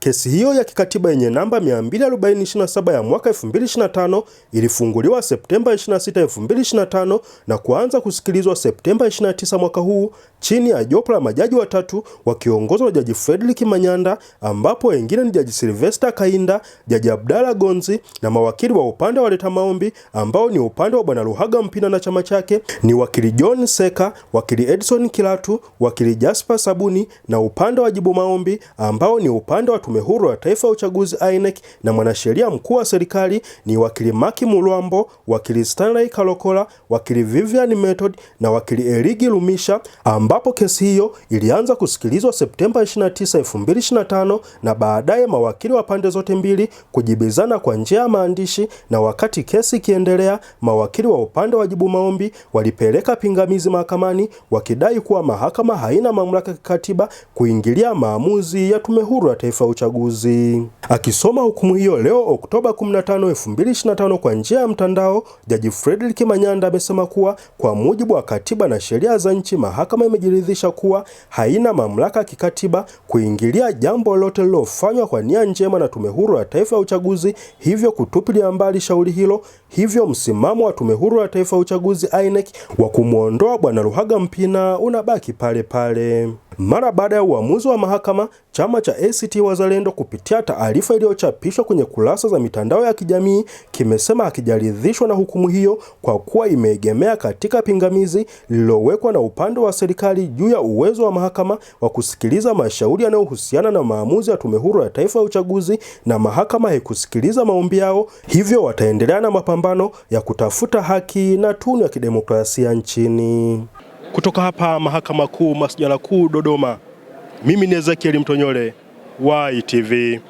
Kesi hiyo ya kikatiba yenye namba 24027 ya mwaka 2025 ilifunguliwa Septemba 26, 2025 na kuanza kusikilizwa Septemba 29 mwaka huu chini ya jopo la majaji watatu wakiongozwa na Jaji Fredrick Manyanda, ambapo wengine ni Jaji Silvester Kainda, Jaji Abdalla Gonzi na mawakili wa upande wa leta maombi ambao ni upande wa Bwana Luhaga Mpina na chama chake ni wakili John Seka, wakili Edson Kilatu, wakili Jasper Sabuni na upande wa jibu maombi ambao ni upande wa Tume Huru ya Taifa ya Uchaguzi INEC na mwanasheria mkuu wa serikali ni wakili Maki Mulwambo, wakili Stanley Kalokola, wakili Vivian Method na wakili Erigi Lumisha ambao ambapo kesi hiyo ilianza kusikilizwa Septemba 29, 2025 na baadaye mawakili wa pande zote mbili kujibizana kwa njia ya maandishi, na wakati kesi ikiendelea, mawakili wa upande wa jibu maombi walipeleka pingamizi mahakamani wakidai kuwa mahakama haina mamlaka ya kikatiba kuingilia maamuzi ya Tume Huru ya Taifa ya Uchaguzi. Akisoma hukumu hiyo leo Oktoba 15, 2025 kwa njia ya mtandao, Jaji Fredrick Manyanda amesema kuwa kwa mujibu wa katiba na sheria za nchi, mahakama imejiridhisha kuwa haina mamlaka ya kikatiba kuingilia jambo lolote lilofanywa kwa nia njema na Tume Huru ya Taifa ya Uchaguzi, hivyo kutupilia mbali shauri hilo. Hivyo msimamo wa Tume Huru ya Taifa ya Uchaguzi INEC wa kumwondoa Bwana Luhaga Mpina unabaki pale pale. Mara baada ya uamuzi wa mahakama, chama cha ACT Wazalendo kupitia taarifa iliyochapishwa kwenye kurasa za mitandao ya kijamii kimesema hakijaridhishwa na hukumu hiyo kwa kuwa imeegemea katika pingamizi lililowekwa na upande wa serikali juu ya uwezo wa mahakama wa kusikiliza mashauri yanayohusiana na maamuzi ya Tume Huru ya Taifa ya Uchaguzi, na mahakama haikusikiliza maombi yao, hivyo wataendelea na mapambano ya kutafuta haki na tunu ya kidemokrasia nchini. Kutoka hapa Mahakama Kuu, Masjala Kuu, Dodoma, mimi ni Ezekiel Mtonyole wa ITV.